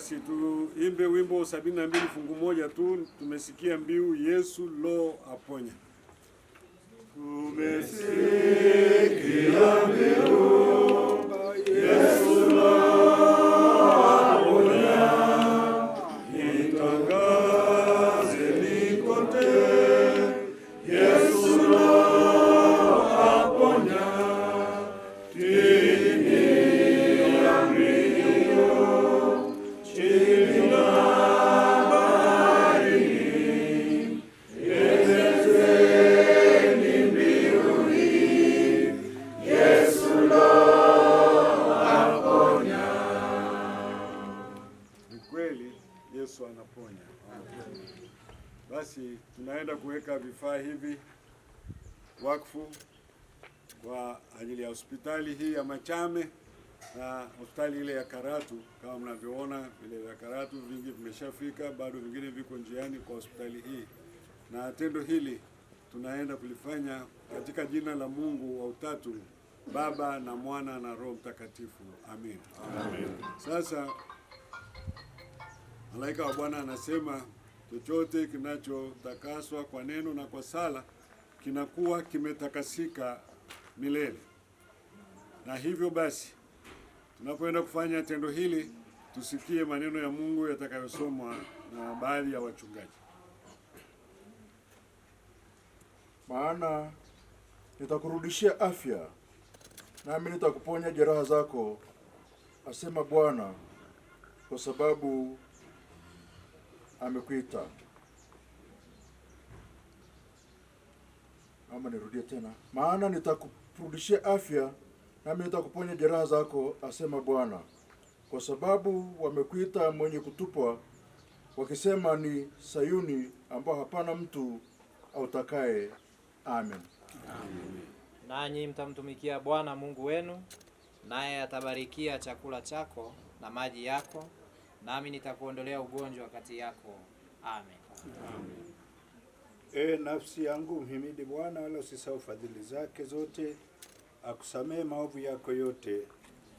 Basi tuimbe wimbo sabini na mbili fungu moja tu. Tumesikia mbiu Yesu lo aponya, tumesikia mbiu Yesu lo kwa ajili ya hospitali hii ya Machame na hospitali ile ya Karatu. Kama mnavyoona vile vya Karatu vingi vimeshafika, bado vingine viko njiani kwa hospitali hii, na tendo hili tunaenda kulifanya katika jina la Mungu wa Utatu, Baba na Mwana na Roho Mtakatifu, amin, amin. Sasa malaika wa Bwana anasema chochote kinachotakaswa kwa neno na kwa sala kinakuwa kimetakasika milele. Na hivyo basi, tunapoenda kufanya tendo hili, tusikie maneno ya Mungu yatakayosomwa na baadhi ya wachungaji. Maana nitakurudishia afya, nami nitakuponya jeraha zako, asema Bwana, kwa sababu amekuita. ama nirudie tena, maana nitakurudishia afya, nami nitakuponya jeraha zako, asema Bwana, kwa sababu wamekuita mwenye kutupwa, wakisema ni Sayuni, ambao hapana mtu autakaye. Amen, amen. Nanyi mtamtumikia Bwana Mungu wenu, naye atabarikia chakula chako na maji yako, nami nitakuondolea ugonjwa kati yako. Amen, amen. E nafsi yangu mhimidi Bwana, wala usisahau fadhili zake zote. akusamee maovu yako yote,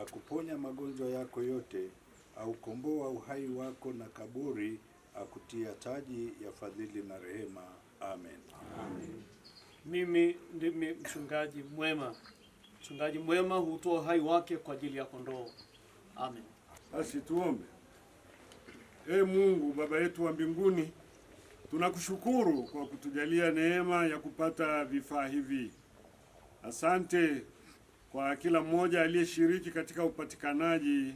akuponya magonjwa yako yote, aukomboa uhai wako na kaburi, akutia taji ya fadhili na rehema. Amen, amen. Mimi ndimi mchungaji mwema. Mchungaji mwema hutoa uhai wake kwa ajili ya kondoo. Amen. Basi tuombe. E Mungu Baba yetu wa mbinguni Tunakushukuru kwa kutujalia neema ya kupata vifaa hivi. Asante kwa kila mmoja aliyeshiriki katika upatikanaji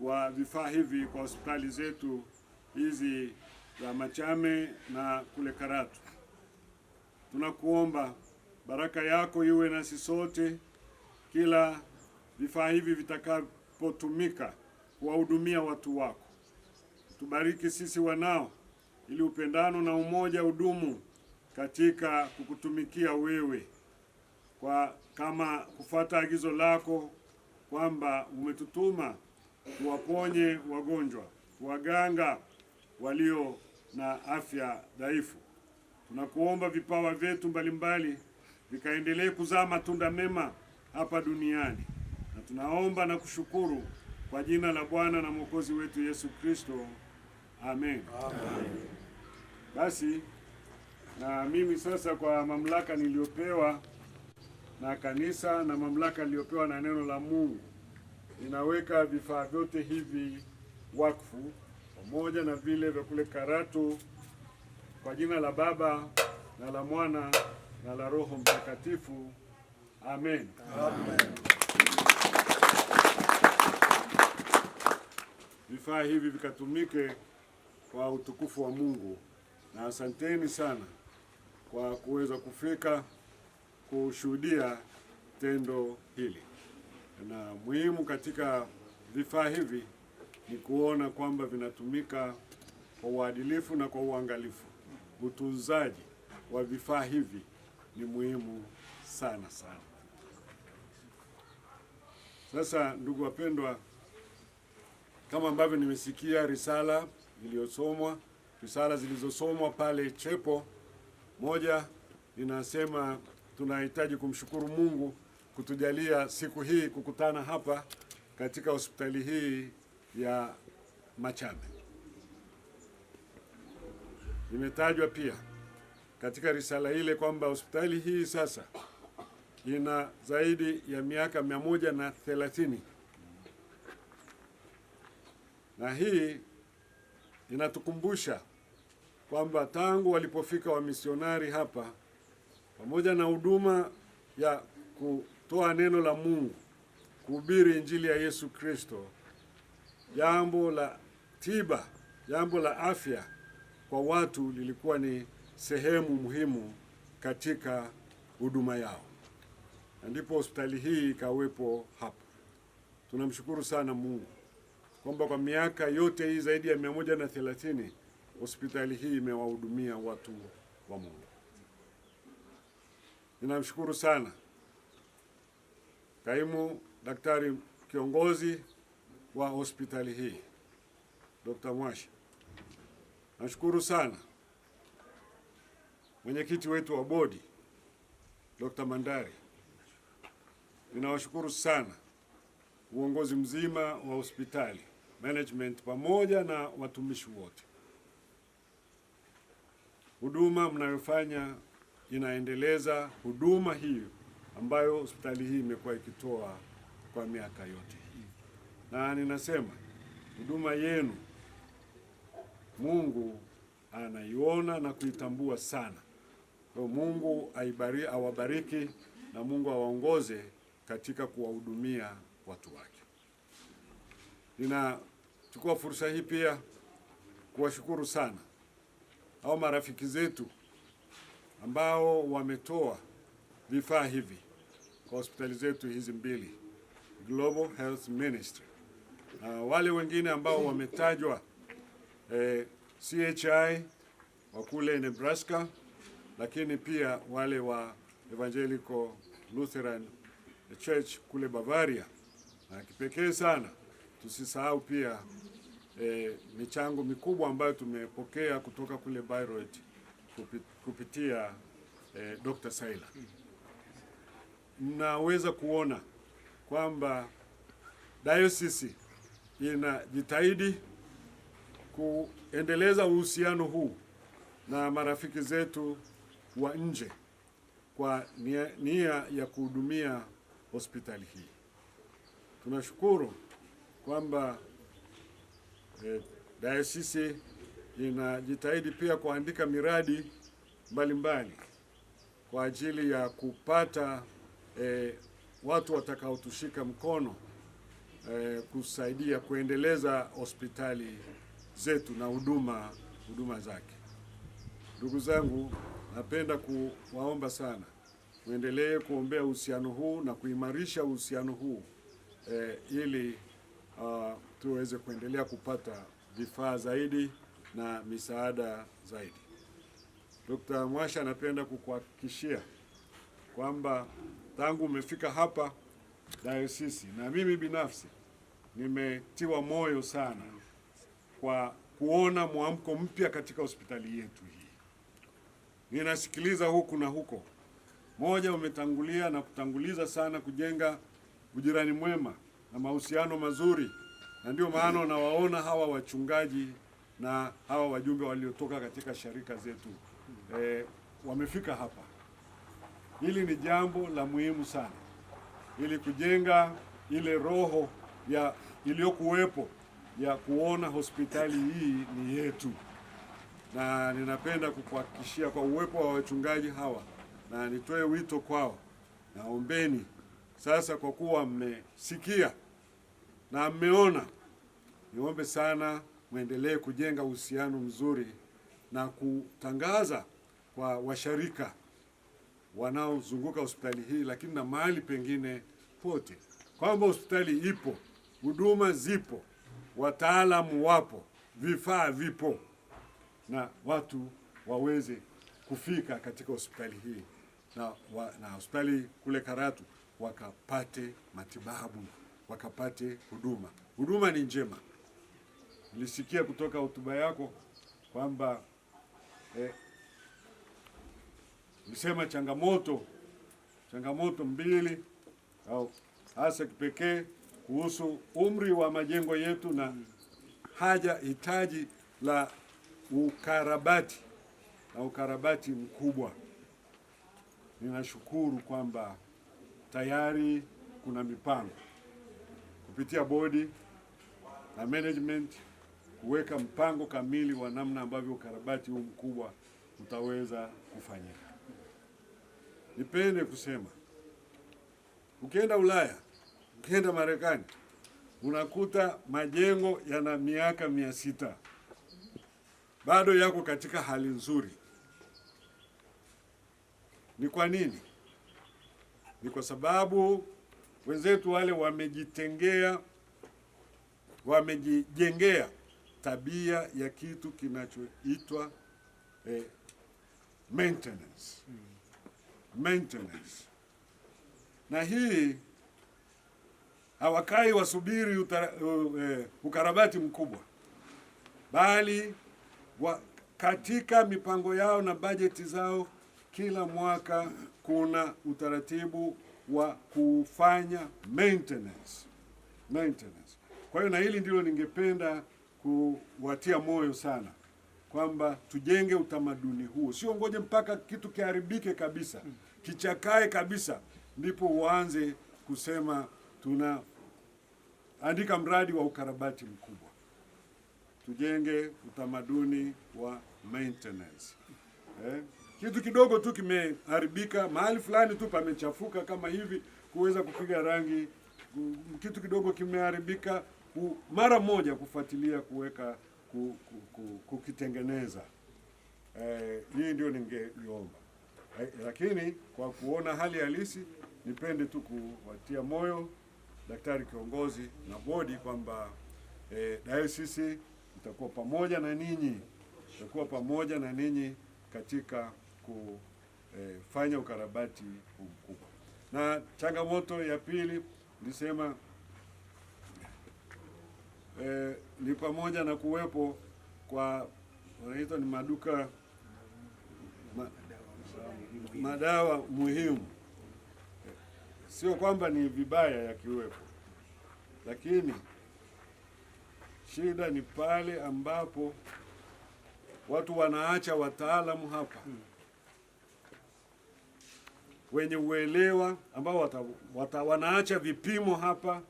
wa vifaa hivi kwa hospitali zetu hizi za Machame na kule Karatu. Tunakuomba baraka yako iwe nasi sote, kila vifaa hivi vitakapotumika kuwahudumia watu wako. Tubariki sisi wanao ili upendano na umoja udumu katika kukutumikia wewe kwa kama kufata agizo lako kwamba umetutuma kuwaponye wagonjwa, kuwaganga walio na afya dhaifu. Tunakuomba vipawa vyetu mbalimbali vikaendelee kuzaa matunda mema hapa duniani, na tunaomba na kushukuru kwa jina la Bwana na Mwokozi wetu Yesu Kristo. Amen. Amen. Basi na mimi sasa kwa mamlaka niliyopewa na kanisa na mamlaka niliyopewa na neno la Mungu ninaweka vifaa vyote hivi wakfu pamoja na vile vya kule Karatu kwa jina la Baba na la Mwana na la Roho Mtakatifu. Amen. Amen. Vifaa hivi vikatumike kwa utukufu wa Mungu, na asanteni sana kwa kuweza kufika kushuhudia tendo hili. Na muhimu katika vifaa hivi ni kuona kwamba vinatumika kwa uadilifu na kwa uangalifu. Utunzaji wa vifaa hivi ni muhimu sana sana. Sasa ndugu wapendwa, kama ambavyo nimesikia risala iliyosomwa, risala zilizosomwa pale Chepo. Moja inasema tunahitaji kumshukuru Mungu kutujalia siku hii kukutana hapa katika hospitali hii ya Machabe. Imetajwa pia katika risala ile kwamba hospitali hii sasa ina zaidi ya miaka mia moja na thelathini na hii inatukumbusha kwamba tangu walipofika wamisionari hapa, pamoja na huduma ya kutoa neno la Mungu, kuhubiri injili ya Yesu Kristo, jambo la tiba, jambo la afya kwa watu lilikuwa ni sehemu muhimu katika huduma yao, na ndipo hospitali hii ikawepo hapa. Tunamshukuru sana Mungu kwamba kwa miaka yote hii zaidi ya mia moja na thelathini hospitali hii imewahudumia watu wa Mungu. Ninamshukuru sana kaimu daktari kiongozi wa hospitali hii Dr. Mwashi. Nashukuru sana mwenyekiti wetu wa bodi Dr. Mandari. Ninawashukuru sana uongozi mzima wa hospitali management pamoja na watumishi wote. Huduma mnayofanya inaendeleza huduma hiyo ambayo hospitali hii imekuwa ikitoa kwa miaka yote hii, na ninasema huduma yenu Mungu anaiona na kuitambua sana. Kwa Mungu awabariki na Mungu awaongoze katika kuwahudumia watu wake. Nina Chukua fursa hii pia kuwashukuru sana au marafiki zetu ambao wametoa vifaa hivi kwa hospitali zetu hizi mbili Global Health Ministry na wale wengine ambao wametajwa eh, CHI wa kule Nebraska, lakini pia wale wa Evangelical Lutheran Church kule Bavaria, na kipekee sana Tusisahau pia e, michango mikubwa ambayo tumepokea kutoka kule Bayreuth kupitia e, eh, Dr. Saila. Naweza kuona kwamba dayosisi inajitahidi kuendeleza uhusiano huu na marafiki zetu wa nje kwa nia, nia ya kuhudumia hospitali hii. Tunashukuru kwamba eh, dayosisi inajitahidi pia kuandika miradi mbalimbali kwa ajili ya kupata eh, watu watakaotushika mkono eh, kusaidia kuendeleza hospitali zetu na huduma huduma zake. Ndugu zangu, napenda kuwaomba sana muendelee kuombea uhusiano huu na kuimarisha uhusiano huu eh, ili Uh, tuweze kuendelea kupata vifaa zaidi na misaada zaidi. Dkt. Mwasha anapenda kukuhakikishia kwamba tangu umefika hapa dayosisi na mimi binafsi nimetiwa moyo sana kwa kuona mwamko mpya katika hospitali yetu hii. Ninasikiliza huku na huko, moja umetangulia na kutanguliza sana kujenga ujirani mwema na mahusiano mazuri, na ndio maana nawaona hawa wachungaji na hawa wajumbe waliotoka katika sharika zetu e, wamefika hapa. Hili ni jambo la muhimu sana, ili kujenga ile roho ya iliyokuwepo ya kuona hospitali hii ni yetu, na ninapenda kukuhakikishia kwa uwepo wa wachungaji hawa, na nitoe wito kwao, naombeni sasa kwa kuwa mmesikia na mmeona, niombe sana mwendelee kujenga uhusiano mzuri na kutangaza kwa washarika wanaozunguka hospitali hii, lakini na mahali pengine pote, kwamba hospitali ipo, huduma zipo, wataalamu wapo, vifaa vipo, na watu waweze kufika katika hospitali hii na, na hospitali kule Karatu wakapate matibabu, wakapate huduma. Huduma ni njema. Nilisikia kutoka hotuba yako kwamba eh, ulisema changamoto changamoto mbili au hasa kipekee kuhusu umri wa majengo yetu na haja hitaji la ukarabati na ukarabati mkubwa. Ninashukuru kwamba tayari kuna mipango kupitia bodi na management kuweka mpango kamili wa namna ambavyo ukarabati huu mkubwa utaweza kufanyika. Nipende kusema ukienda Ulaya, ukienda Marekani unakuta majengo yana miaka mia sita bado yako katika hali nzuri. Ni kwa nini? ni kwa sababu wenzetu wale wamejitengea, wamejijengea tabia ya kitu kinachoitwa eh, maintenance. Maintenance. Na hii hawakai wasubiri utara, uh, eh, uh, ukarabati mkubwa, bali wa, katika mipango yao na bajeti zao kila mwaka kuna utaratibu wa kufanya maintenance. Maintenance. Kwa hiyo na hili ndilo ningependa kuwatia moyo sana kwamba tujenge utamaduni huo, sio ngoje mpaka kitu kiharibike kabisa, kichakae kabisa, ndipo uanze kusema tunaandika mradi wa ukarabati mkubwa. Tujenge utamaduni wa maintenance eh? kitu kidogo tu kimeharibika, mahali fulani tu pamechafuka kama hivi, kuweza kupiga rangi, kitu kidogo kimeharibika, mara moja kufuatilia, kuweka, kukitengeneza. Eh, hii ndio ningeiomba eh, lakini kwa kuona hali halisi, nipende tu kuwatia moyo daktari kiongozi na bodi kwamba eh, dayosisi itakuwa pamoja na ninyi, itakuwa pamoja na ninyi katika kufanya ukarabati mkubwa. Na changamoto ya pili nilisema eh, ni pamoja na kuwepo kwa wanaitwa ni maduka ma, madawa muhimu. Sio kwamba ni vibaya yakiwepo, lakini shida ni pale ambapo watu wanaacha wataalamu hapa wenye uelewa ambao wata, wata, wanaacha vipimo hapa.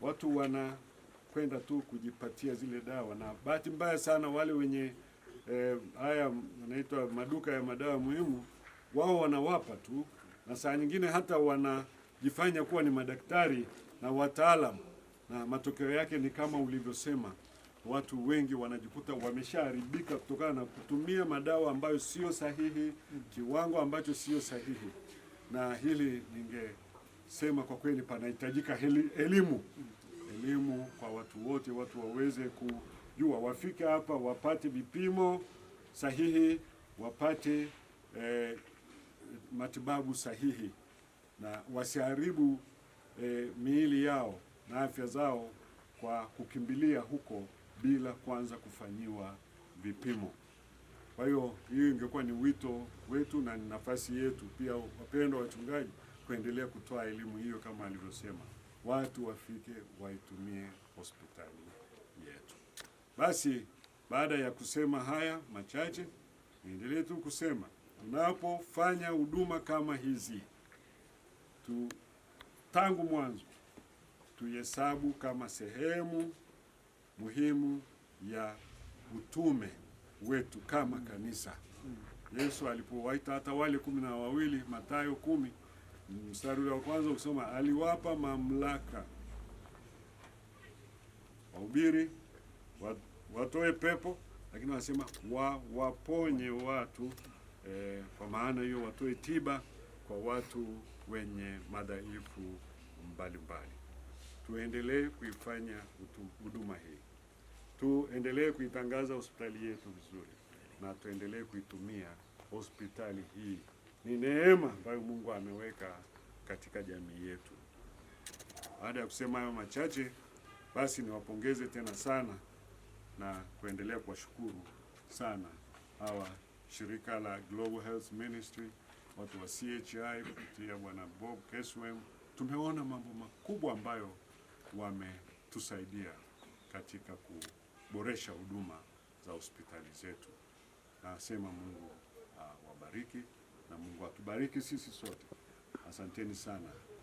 Watu wanakwenda tu kujipatia zile dawa, na bahati mbaya sana wale wenye eh, haya wanaitwa maduka ya madawa muhimu, wao wanawapa tu, na saa nyingine hata wanajifanya kuwa ni madaktari na wataalamu, na matokeo yake ni kama ulivyosema watu wengi wanajikuta wameshaharibika kutokana na kutumia madawa ambayo sio sahihi, kiwango ambacho sio sahihi. Na hili ningesema kwa kweli panahitajika elimu, elimu kwa watu wote, watu waweze kujua, wafike hapa wapate vipimo sahihi, wapate eh, matibabu sahihi na wasiharibu eh, miili yao na afya zao kwa kukimbilia huko bila kwanza kufanyiwa vipimo. Kwa hiyo hiyo ingekuwa ni wito wetu na ni nafasi yetu pia, wapendwa wachungaji, kuendelea kutoa elimu hiyo kama alivyosema, watu wafike waitumie hospitali yetu. Basi baada ya kusema haya machache, niendelee tu kusema tunapofanya huduma kama hizi tu, tangu mwanzo tuhesabu kama sehemu muhimu ya utume wetu kama kanisa. Yesu alipowaita hata wale kumi na wawili, Mathayo kumi mstari wa kwanza ukisoma, aliwapa mamlaka wahubiri watoe pepo, lakini wanasema wa, waponye watu eh, kwa maana hiyo watoe tiba kwa watu wenye madhaifu mbalimbali tuendelee kuifanya huduma hii, tuendelee kuitangaza hospitali yetu vizuri, na tuendelee kuitumia hospitali hii. Ni neema ambayo Mungu ameweka katika jamii yetu. Baada ya kusema hayo machache, basi niwapongeze tena sana na kuendelea kuwashukuru sana hawa shirika la Global Health Ministry, watu wa CHI kupitia bwana Bob Keswem. Tumeona mambo makubwa ambayo wametusaidia katika kuboresha huduma za hospitali zetu. Nasema Mungu awabariki, ah, na Mungu atubariki sisi sote. Asanteni sana.